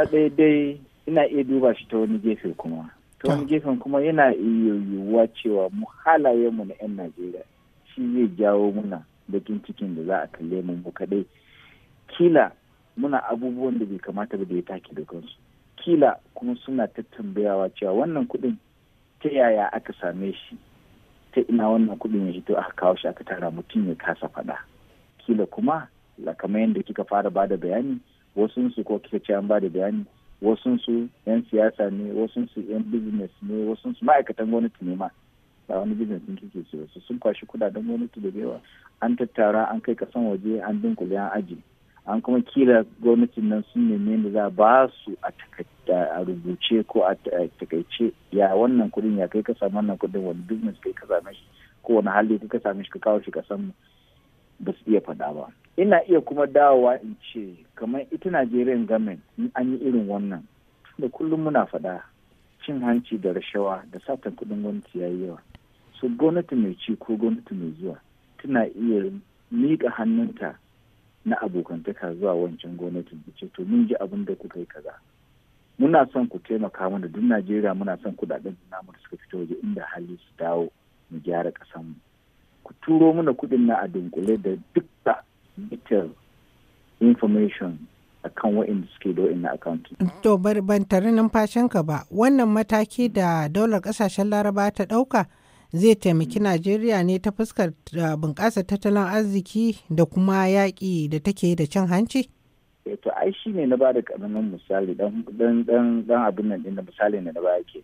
na ɗaya dai ina iya duba shi ta wani gefe kuma ta wani ah. gefen kuma yana iya yiwuwa cewa mu halayenmu na 'yan najeriya shi zai jawo muna bakin cikin da za a kalle mu mu kaɗai kila muna abubuwan da bai kamata ba da ya take da kansu kila kuma suna ta tambayawa cewa wannan kuɗin ta yaya aka same shi ta ina wannan kuɗin ya hito aka kawo shi aka tara mutum ya kasa faɗa kila kuma kamar yadda kika fara bada bayani wasu su ko kika an ba da bayani wasu su yan siyasa ne wasu su yan business ne wasu su ma'aikatan gwamnati ne ma ba wani business din kike ce su sun kwashi kudaden gwamnati da yawa an tattara an kai kasan waje an dunkule an aji an kuma kila gwamnatin nan sun neme da za ba su a rubuce ko a takaice ya wannan kudin ya kai kasa wannan kudin wani business kai ka same shi ko wani hali kai ka mashi shi ka kawo shi kasan mu ba su iya faɗa ba ina iya kuma dawowa in ce kamar ita najeriyan gamen in an yi irin wannan da kullum muna faɗa cin hanci da rashawa da satan kuɗin gwamnati ya yawa su gwamnati mai ci ko gwamnati mai zuwa tana iya miƙa hannunta na abokantaka zuwa wancan gwamnatin da ce to mun ji abin da kuka yi kaza muna son ku taimaka mana duk najeriya muna son kuɗaɗen namu da suka fito waje inda hali su dawo mu gyara ƙasanmu ku turo mana kuɗin na a dunkule da da detail information akan waɗanda suke da wa'in accounting. To ban tare numfashinka ba wannan mataki da daular ƙasashen laraba ta ɗauka zai taimaki Najeriya ne ta fuskar uh, bunƙasa tattalin arziki da kuma yaƙi da take da cin hanci? eto eh, to ai shi ne na ba da ƙaramin misali dan abin nan ɗin na misali ne na baya ke.